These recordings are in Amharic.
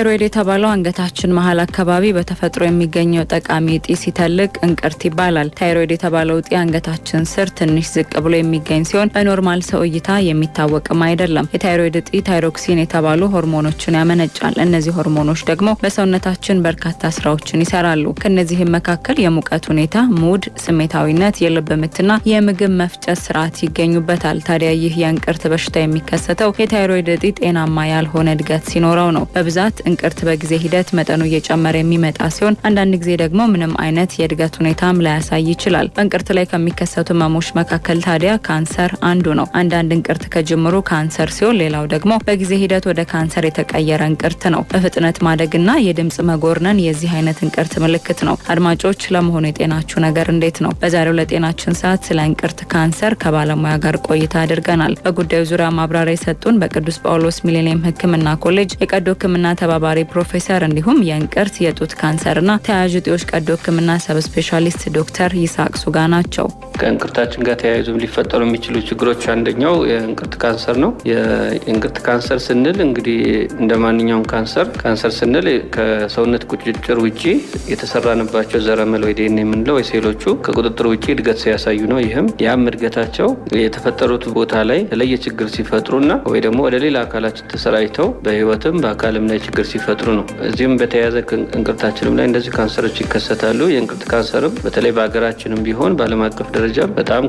ታይሮይድ የተባለው አንገታችን መሀል አካባቢ በተፈጥሮ የሚገኘው ጠቃሚ እጢ ሲተልቅ እንቅርት ይባላል። ታይሮይድ የተባለው እጢ አንገታችን ስር ትንሽ ዝቅ ብሎ የሚገኝ ሲሆን በኖርማል ሰው እይታ የሚታወቅም አይደለም። የታይሮይድ እጢ ታይሮክሲን የተባሉ ሆርሞኖችን ያመነጫል። እነዚህ ሆርሞኖች ደግሞ በሰውነታችን በርካታ ስራዎችን ይሰራሉ። ከእነዚህም መካከል የሙቀት ሁኔታ፣ ሙድ፣ ስሜታዊነት፣ የልብ ምትና የምግብ መፍጨት ስርዓት ይገኙበታል። ታዲያ ይህ የእንቅርት በሽታ የሚከሰተው የታይሮይድ እጢ ጤናማ ያልሆነ እድገት ሲኖረው ነው በብዛት እንቅርት በጊዜ ሂደት መጠኑ እየጨመረ የሚመጣ ሲሆን አንዳንድ ጊዜ ደግሞ ምንም አይነት የእድገት ሁኔታም ላያሳይ ይችላል። በእንቅርት ላይ ከሚከሰቱ ህመሞች መካከል ታዲያ ካንሰር አንዱ ነው። አንዳንድ እንቅርት ከጅምሩ ካንሰር ሲሆን፣ ሌላው ደግሞ በጊዜ ሂደት ወደ ካንሰር የተቀየረ እንቅርት ነው። በፍጥነት ማደግና የድምጽ መጎርነን የዚህ አይነት እንቅርት ምልክት ነው። አድማጮች፣ ለመሆኑ የጤናችሁ ነገር እንዴት ነው? በዛሬው ለጤናችን ሰዓት ስለ እንቅርት ካንሰር ከባለሙያ ጋር ቆይታ አድርገናል። በጉዳዩ ዙሪያ ማብራሪያ የሰጡን በቅዱስ ጳውሎስ ሚሊኒየም ህክምና ኮሌጅ የቀዶ ህክምና ተባ ተባባሪ ፕሮፌሰር እንዲሁም የእንቅርት የጡት ካንሰርና ተያያዥ እጢዎች ቀዶ ሕክምና ሰብ ስፔሻሊስት ዶክተር ይስሐቅ ሱጋ ናቸው። ከእንቅርታችን ጋር ተያይዞ ሊፈጠሩ የሚችሉ ችግሮች አንደኛው የእንቅርት ካንሰር ነው። የእንቅርት ካንሰር ስንል እንግዲህ እንደ ማንኛውም ካንሰር ካንሰር ስንል ከሰውነት ቁጭጭር ውጭ የተሰራንባቸው ዘረመል ወይ ዴን የምንለው ወይ ሴሎቹ ከቁጥጥር ውጭ እድገት ሲያሳዩ ነው። ይህም ያም እድገታቸው የተፈጠሩት ቦታ ላይ የተለየ ችግር ሲፈጥሩና ወይ ደግሞ ወደ ሌላ አካላችን ተሰራጭተው በህይወትም በአካልም ላይ ችግር ሲፈጥሩ ነው። እዚህም በተያያዘ እንቅርታችንም ላይ እንደዚህ ካንሰሮች ይከሰታሉ። የእንቅርት ካንሰርም በተለይ በሀገራችንም ቢሆን በዓለም አቀፍ ደረጃ በጣም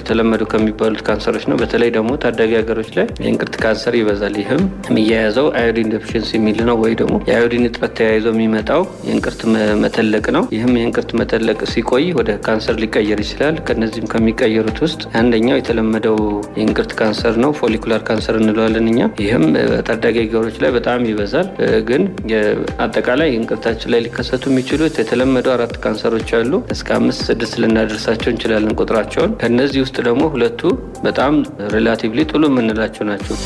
የተለመዱ ከሚባሉት ካንሰሮች ነው። በተለይ ደግሞ ታዳጊ ሀገሮች ላይ የእንቅርት ካንሰር ይበዛል። ይህም የሚያያዘው አዮዲን ደፊሽንሲ የሚል ነው፣ ወይ ደግሞ የአዮዲን እጥረት ተያይዞ የሚመጣው የእንቅርት መተለቅ ነው። ይህም የእንቅርት መተለቅ ሲቆይ ወደ ካንሰር ሊቀየር ይችላል። ከነዚህም ከሚቀየሩት ውስጥ አንደኛው የተለመደው የእንቅርት ካንሰር ነው። ፎሊኩላር ካንሰር እንለዋለን እኛ። ይህም ታዳጊ ሀገሮች ላይ በጣም ይበዛል። ግን አጠቃላይ እንቅርታችን ላይ ሊከሰቱ የሚችሉት የተለመዱ አራት ካንሰሮች አሉ። እስከ አምስት ስድስት ልናደርሳቸው እንችላለን ቁጥራቸውን። ከእነዚህ ውስጥ ደግሞ ሁለቱ በጣም ሪላቲቭሊ ጥሉ የምንላቸው ናቸው።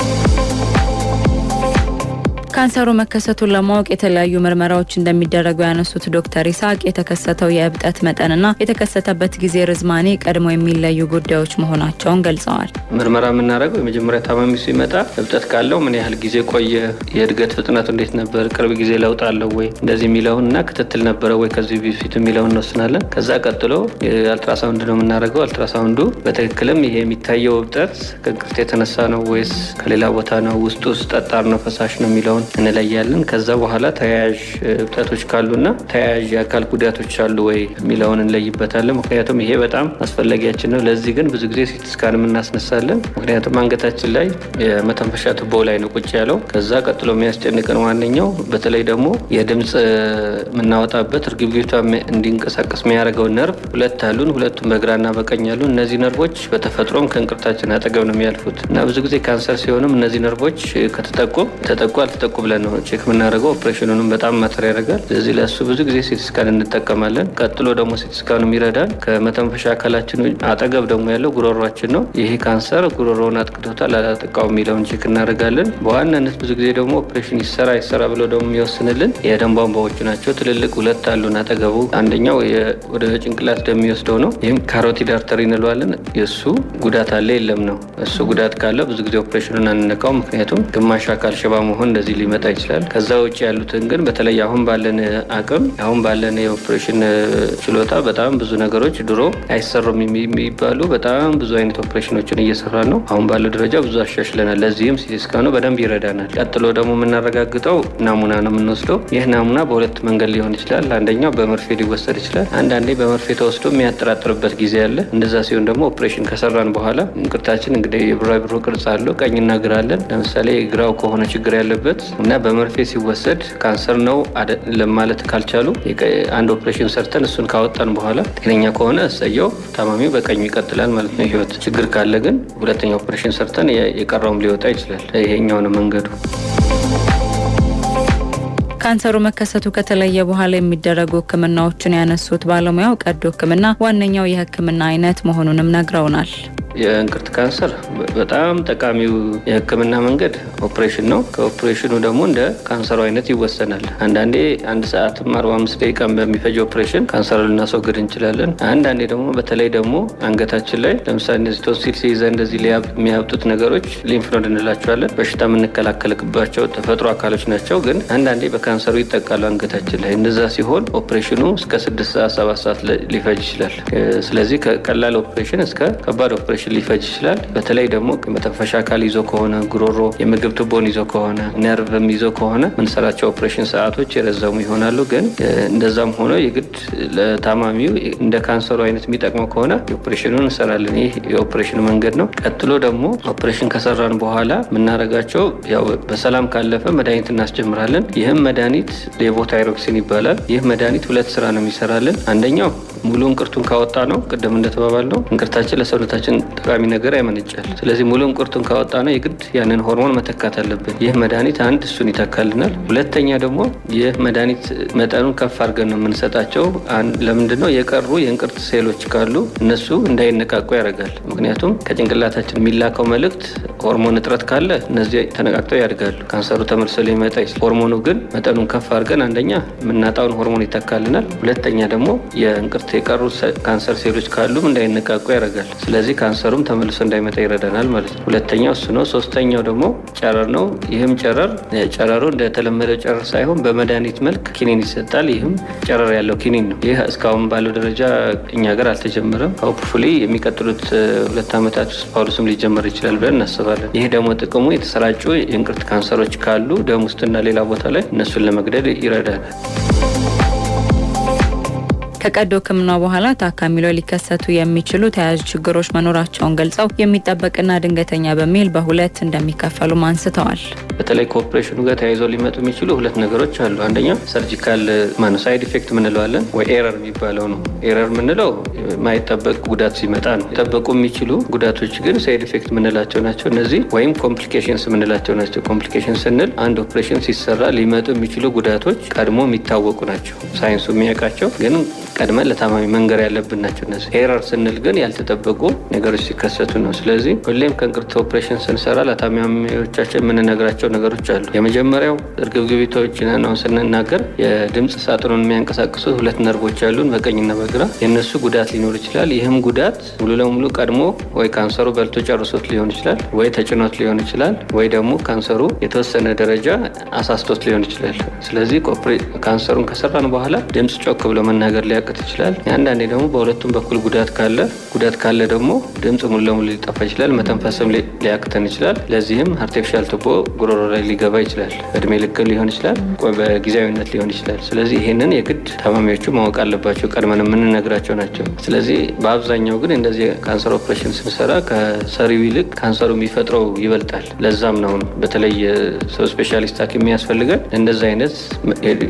ካንሰሩ መከሰቱን ለማወቅ የተለያዩ ምርመራዎች እንደሚደረጉ ያነሱት ዶክተር ይስሐቅ የተከሰተው የእብጠት መጠንና የተከሰተበት ጊዜ ርዝማኔ ቀድሞ የሚለዩ ጉዳዮች መሆናቸውን ገልጸዋል። ምርመራ የምናደርገው የመጀመሪያ ታማሚ ሲመጣ እብጠት ካለው ምን ያህል ጊዜ ቆየ፣ የእድገት ፍጥነቱ እንዴት ነበር፣ ቅርብ ጊዜ ለውጥ አለው ወይ እንደዚህ የሚለውን እና ክትትል ነበረ ወይ ከዚህ በፊት የሚለውን እንወስናለን። ከዛ ቀጥሎ አልትራሳውንድ ነው የምናደርገው። አልትራሳውንዱ በትክክልም ይሄ የሚታየው እብጠት ከእንቅርት የተነሳ ነው ወይስ ከሌላ ቦታ ነው፣ ውስጡ ውስጥ ጠጣር ነው፣ ፈሳሽ ነው የሚለውን እንለያለን። ከዛ በኋላ ተያያዥ እብጠቶች ካሉና ተያያዥ የአካል ጉዳቶች አሉ ወይ የሚለውን እንለይበታለን። ምክንያቱም ይሄ በጣም አስፈላጊያችን ነው። ለዚህ ግን ብዙ ጊዜ ሲቲ ስካንም እናስነሳለን። ምክንያቱም አንገታችን ላይ የመተንፈሻ ቱቦ ላይ ነው ቁጭ ያለው። ከዛ ቀጥሎ የሚያስጨንቅን ዋነኛው በተለይ ደግሞ የድምፅ የምናወጣበት እርግብግብቷ እንዲንቀሳቀስ የሚያደርገው ነርቭ ሁለት አሉን። ሁለቱም በግራና በቀኝ አሉ። እነዚህ ነርቮች በተፈጥሮም ከእንቅርታችን አጠገብ ነው የሚያልፉት እና ብዙ ጊዜ ካንሰር ሲሆንም እነዚህ ነርቮች ከተጠቁ ተጠቁ አልተጠቁ ተጠቁ ብለን ነው ቼክ የምናደርገው። ኦፕሬሽኑንም በጣም ማተር ያደርጋል። ስለዚህ ለእሱ ብዙ ጊዜ ሲቲስካን እንጠቀማለን። ቀጥሎ ደግሞ ሲቲስካኑ ይረዳል። ከመተንፈሻ አካላችን አጠገብ ደግሞ ያለው ጉሮሯችን ነው። ይሄ ካንሰር ጉሮሮውን አጥቅቶታል አላጠቃው የሚለውን ቼክ እናደርጋለን። በዋናነት ብዙ ጊዜ ደግሞ ኦፕሬሽን ይሰራ ይሰራ ብሎ ደግሞ የሚወስንልን የደም ቧንቧዎች ናቸው። ትልልቅ ሁለት አሉን አጠገቡ። አንደኛው ወደ ጭንቅላት ደም ነው። ይህም ካሮቲድ አርተሪ እንለዋለን። የእሱ ጉዳት አለ የለም ነው። እሱ ጉዳት ካለ ብዙ ጊዜ ኦፕሬሽኑን አንነካው። ምክንያቱም ግማሽ አካል ሽባ መሆን እንደዚህ ሊመጣ ይችላል። ከዛ ውጭ ያሉትን ግን በተለይ አሁን ባለን አቅም አሁን ባለን የኦፕሬሽን ችሎታ በጣም ብዙ ነገሮች ድሮ አይሰሩም የሚባሉ በጣም ብዙ አይነት ኦፕሬሽኖችን እየሰራ ነው። አሁን ባለው ደረጃ ብዙ አሻሽለናል። ለዚህም ሲቲ ስካኑ በደንብ ይረዳናል። ቀጥሎ ደግሞ የምናረጋግጠው ናሙና ነው የምንወስደው። ይህ ናሙና በሁለት መንገድ ሊሆን ይችላል። አንደኛው በመርፌ ሊወሰድ ይችላል። አንዳንዴ በመርፌ ተወስዶ የሚያጠራጥርበት ጊዜ አለ። እንደዛ ሲሆን ደግሞ ኦፕሬሽን ከሰራን በኋላ እንቅርታችን እንግዲህ የብራብሮ ቅርጽ አለው። ቀኝና ግራ አለን። ለምሳሌ ግራው ከሆነ ችግር ያለበት እና በመርፌ ሲወሰድ ካንሰር ነው ለማለት ካልቻሉ አንድ ኦፕሬሽን ሰርተን እሱን ካወጣን በኋላ ጤነኛ ከሆነ እሰየው፣ ታማሚው በቀኙ ይቀጥላል ማለት ነው ህይወት። ችግር ካለ ግን ሁለተኛ ኦፕሬሽን ሰርተን የቀረውም ሊወጣ ይችላል። ይሄኛው ነው መንገዱ። ካንሰሩ መከሰቱ ከተለየ በኋላ የሚደረጉ ህክምናዎችን ያነሱት ባለሙያው ቀዶ ህክምና ዋነኛው የህክምና አይነት መሆኑንም ነግረውናል። የእንቅርት ካንሰር በጣም ጠቃሚው የህክምና መንገድ ኦፕሬሽን ነው። ከኦፕሬሽኑ ደግሞ እንደ ካንሰሩ አይነት ይወሰናል። አንዳንዴ አንድ ሰዓትም አርባ አምስት ደቂቃን በሚፈጅ ኦፕሬሽን ካንሰር ልናስወግድ እንችላለን። አንዳንዴ ደግሞ በተለይ ደግሞ አንገታችን ላይ ለምሳሌ እነዚህ ቶንሲል ሲይዘ እንደዚህ የሚያብጡት ነገሮች ሊምፍኖድ እንላቸዋለን። በሽታ የምንከላከልባቸው ተፈጥሮ አካሎች ናቸው። ግን አንዳንዴ በካ ካንሰሩ ይጠቃሉ አንገታችን ላይ። እንደዛ ሲሆን ኦፕሬሽኑ እስከ ስድስት ሰዓት ሰባት ሰዓት ሊፈጅ ይችላል። ስለዚህ ከቀላል ኦፕሬሽን እስከ ከባድ ኦፕሬሽን ሊፈጅ ይችላል። በተለይ ደግሞ መተንፈሻ አካል ይዞ ከሆነ ጉሮሮ፣ የምግብ ቱቦን ይዞ ከሆነ ነርቭም ይዞ ከሆነ ምንሰራቸው ኦፕሬሽን ሰዓቶች የረዘሙ ይሆናሉ። ግን እንደዛም ሆኖ የግድ ለታማሚው እንደ ካንሰሩ አይነት የሚጠቅመው ከሆነ ኦፕሬሽኑ እንሰራለን። ይህ የኦፕሬሽን መንገድ ነው። ቀጥሎ ደግሞ ኦፕሬሽን ከሰራን በኋላ የምናደርጋቸው ያው በሰላም ካለፈ መድኃኒት እናስጀምራለን። ይህም መድኃኒት መድኃኒት ሌቮታይሮክሲን ይባላል። ይህ መድኃኒት ሁለት ስራ ነው የሚሰራልን። አንደኛው ሙሉ እንቅርቱን ካወጣ ነው ቅድም እንደተባባል ነው እንቅርታችን ለሰውነታችን ጠቃሚ ነገር ያመነጫል። ስለዚህ ሙሉ እንቅርቱን ካወጣ ነው የግድ ያንን ሆርሞን መተካት አለብን። ይህ መድኃኒት አንድ እሱን ይተካልናል። ሁለተኛ ደግሞ ይህ መድኃኒት መጠኑን ከፍ አድርገን ነው የምንሰጣቸው። ለምንድን ነው የቀሩ የእንቅርት ሴሎች ካሉ እነሱ እንዳይነቃቁ ያደርጋል። ምክንያቱም ከጭንቅላታችን የሚላከው መልእክት ሆርሞን እጥረት ካለ እነዚህ ተነቃቅተው ያድጋሉ። ካንሰሩ ተመልሶ ሊመጣ ሆርሞኑ ግን መጠኑን ከፍ አድርገን አንደኛ የምናጣውን ሆርሞን ይተካልናል፣ ሁለተኛ ደግሞ የእንቅርት የቀሩ ካንሰር ሴሎች ካሉም እንዳይነቃቁ ያደርጋል። ስለዚህ ካንሰሩም ተመልሶ እንዳይመጣ ይረዳናል ማለት ነው። ሁለተኛው እሱ ነው። ሶስተኛው ደግሞ ጨረር ነው። ይህም ጨረር ጨረሩ እንደተለመደው ጨረር ሳይሆን በመድኃኒት መልክ ኪኒን ይሰጣል። ይህም ጨረር ያለው ኪኒን ነው። ይህ እስካሁን ባለው ደረጃ እኛ ጋር አልተጀመረም። ሆፕፉሊ የሚቀጥሉት ሁለት ዓመታት ውስጥ ፓውሎስም ሊጀመር ይችላል ብለን እናስባለን። እንችላለን። ይህ ደግሞ ጥቅሙ የተሰራጩ የእንቅርት ካንሰሮች ካሉ ደም ውስጥና ሌላ ቦታ ላይ እነሱን ለመግደል ይረዳል። ከቀዶ ሕክምና በኋላ ታካሚ ላይ ሊከሰቱ የሚችሉ ተያያዥ ችግሮች መኖራቸውን ገልጸው የሚጠበቅና ድንገተኛ በሚል በሁለት እንደሚከፈሉም አንስተዋል። በተለይ ከኦፕሬሽኑ ጋር ተያይዘው ሊመጡ የሚችሉ ሁለት ነገሮች አሉ። አንደኛው ሰርጂካል ማነው ሳይድ ኢፌክት ምንለዋለን ወይ ኤረር የሚባለው ነው። ኤረር ምንለው ማይጠበቅ ጉዳት ሲመጣ ነው። ጠበቁ የሚችሉ ጉዳቶች ግን ሳይድ ኢፌክት ምንላቸው ናቸው። እነዚህ ወይም ኮምፕሊኬሽንስ ምንላቸው ናቸው። ኮምፕሊኬሽን ስንል አንድ ኦፕሬሽን ሲሰራ ሊመጡ የሚችሉ ጉዳቶች ቀድሞ የሚታወቁ ናቸው። ሳይንሱ የሚያውቃቸው ግን ቀድመን ለታማሚ መንገር ያለብን ናቸው። እነዚህ ኤረር ስንል ግን ያልተጠበቁ ነገሮች ሲከሰቱ ነው። ስለዚህ ሁሌም ከእንቅርት ኦፕሬሽን ስንሰራ ለታማሚዎቻችን የምንነግራቸው ነገሮች አሉ። የመጀመሪያው እርግብግቢቶች ነው ስንናገር የድምፅ ሳጥኑን የሚያንቀሳቅሱ ሁለት ነርቮች ያሉን በቀኝና በግራ የእነሱ ጉዳት ሊኖር ይችላል። ይህም ጉዳት ሙሉ ለሙሉ ቀድሞ ወይ ካንሰሩ በልቶ ጨርሶት ሊሆን ይችላል፣ ወይ ተጭኖት ሊሆን ይችላል፣ ወይ ደግሞ ካንሰሩ የተወሰነ ደረጃ አሳስቶት ሊሆን ይችላል። ስለዚህ ካንሰሩን ከሰራን በኋላ ድምፅ ጮክ ብሎ መናገር ሊያ ሊያበረክት ይችላል። አንዳንዴ ደግሞ በሁለቱም በኩል ጉዳት ካለ ጉዳት ካለ ደግሞ ድምፅ ሙሉ ለሙሉ ሊጠፋ ይችላል። መተንፈስም ሊያክተን ይችላል። ለዚህም አርቲፊሻል ቱቦ ጉሮሮ ላይ ሊገባ ይችላል። እድሜ ልክ ሊሆን ይችላል፣ በጊዜያዊነት ሊሆን ይችላል። ስለዚህ ይህንን የግድ ታማሚዎቹ ማወቅ አለባቸው፣ ቀድመን የምንነግራቸው ናቸው። ስለዚህ በአብዛኛው ግን እንደዚህ ካንሰር ኦፕሬሽን ስንሰራ ከሰሪው ይልቅ ካንሰሩ የሚፈጥረው ይበልጣል። ለዛም ነው በተለይ ሰው ስፔሻሊስት ሐኪም የሚያስፈልገን እንደዚህ አይነት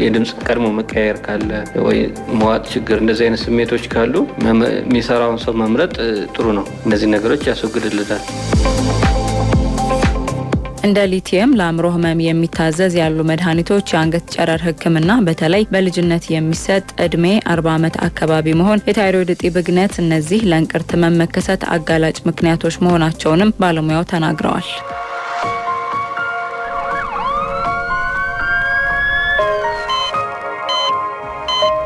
የድምፅ ቀድሞ መቀያየር ካለ ወይ መዋጥ ችግር፣ እንደዚህ አይነት ስሜቶች ካሉ የሚሰራውን ሰው መምረጥ ጥሩ ነው። እነዚህ ነገሮች ያስወግድልናል። እንደ ሊቲየም ለአእምሮ ህመም የሚታዘዝ ያሉ መድኃኒቶች፣ የአንገት ጨረር ህክምና፣ በተለይ በልጅነት የሚሰጥ እድሜ አርባ ዓመት አካባቢ መሆን፣ የታይሮይድ እጢ ብግነት፣ እነዚህ ለእንቅርት ህመም መከሰት አጋላጭ ምክንያቶች መሆናቸውንም ባለሙያው ተናግረዋል።